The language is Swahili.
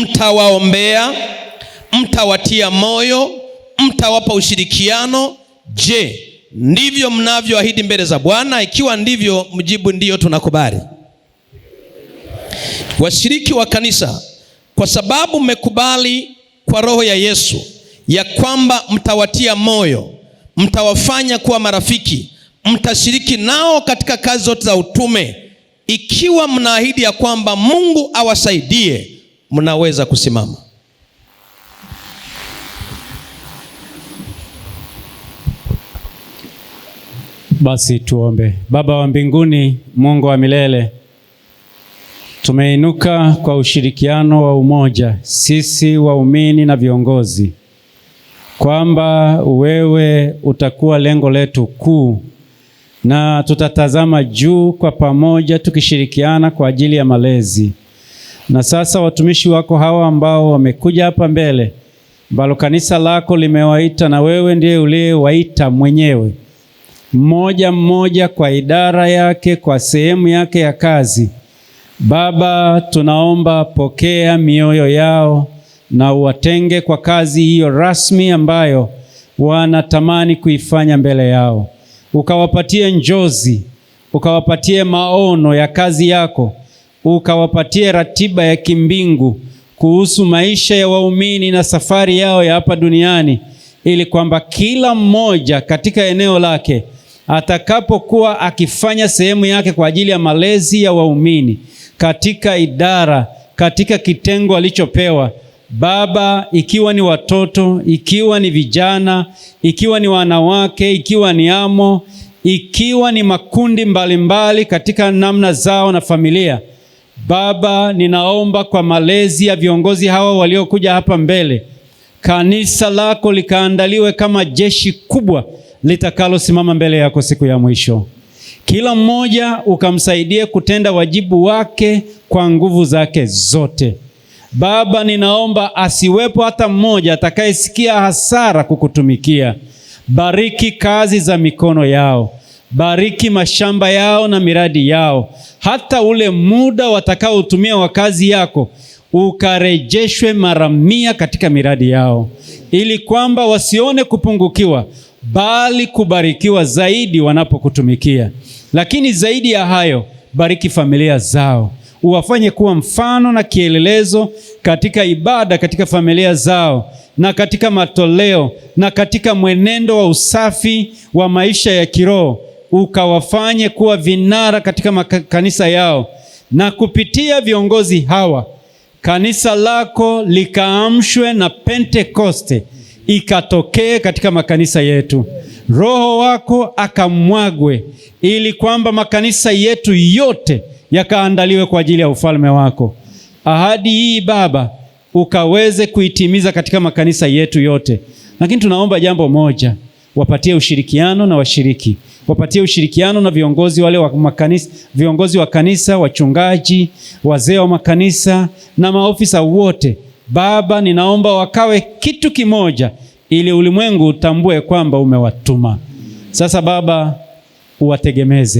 mtawaombea, mtawatia moyo, mtawapa ushirikiano. Je, ndivyo mnavyoahidi mbele za Bwana? Ikiwa ndivyo, mjibu ndiyo, tunakubali. Washiriki wa kanisa, kwa sababu mmekubali kwa roho ya Yesu ya kwamba mtawatia moyo, mtawafanya kuwa marafiki, mtashiriki nao katika kazi zote za utume, ikiwa mnaahidi ya kwamba Mungu awasaidie mnaweza kusimama. Basi tuombe. Baba wa mbinguni, Mungu wa milele, tumeinuka kwa ushirikiano wa umoja, sisi waumini na viongozi, kwamba wewe utakuwa lengo letu kuu, na tutatazama juu kwa pamoja, tukishirikiana kwa ajili ya malezi na sasa watumishi wako hawa ambao wamekuja hapa mbele, ambalo kanisa lako limewaita na wewe ndiye uliyewaita mwenyewe, mmoja mmoja kwa idara yake, kwa sehemu yake ya kazi. Baba, tunaomba pokea mioyo yao na uwatenge kwa kazi hiyo rasmi ambayo wanatamani kuifanya mbele yao, ukawapatie njozi, ukawapatie maono ya kazi yako ukawapatie ratiba ya kimbingu kuhusu maisha ya waumini na safari yao ya hapa duniani, ili kwamba kila mmoja katika eneo lake atakapokuwa akifanya sehemu yake kwa ajili ya malezi ya waumini katika idara, katika kitengo alichopewa Baba, ikiwa ni watoto, ikiwa ni vijana, ikiwa ni wanawake, ikiwa ni amo, ikiwa ni makundi mbalimbali mbali katika namna zao na familia Baba, ninaomba kwa malezi ya viongozi hawa waliokuja hapa mbele, kanisa lako likaandaliwe kama jeshi kubwa litakalosimama mbele yako siku ya mwisho. Kila mmoja ukamsaidie kutenda wajibu wake kwa nguvu zake zote. Baba, ninaomba asiwepo hata mmoja atakayesikia hasara kukutumikia. Bariki kazi za mikono yao bariki mashamba yao na miradi yao, hata ule muda watakaotumia wa kazi yako ukarejeshwe mara mia katika miradi yao, ili kwamba wasione kupungukiwa, bali kubarikiwa zaidi wanapokutumikia. Lakini zaidi ya hayo, bariki familia zao, uwafanye kuwa mfano na kielelezo katika ibada, katika familia zao na katika matoleo na katika mwenendo wa usafi wa maisha ya kiroho ukawafanye kuwa vinara katika makanisa yao, na kupitia viongozi hawa kanisa lako likaamshwe na Pentekoste ikatokee katika makanisa yetu, Roho wako akamwagwe, ili kwamba makanisa yetu yote yakaandaliwe kwa ajili ya ufalme wako. Ahadi hii Baba ukaweze kuitimiza katika makanisa yetu yote, lakini tunaomba jambo moja, wapatie ushirikiano na washiriki wapatie ushirikiano na viongozi wale wa makanisa, viongozi wa kanisa, wachungaji, wazee wa makanisa na maofisa wote. Baba, ninaomba wakawe kitu kimoja, ili ulimwengu utambue kwamba umewatuma. Sasa Baba, uwategemeze.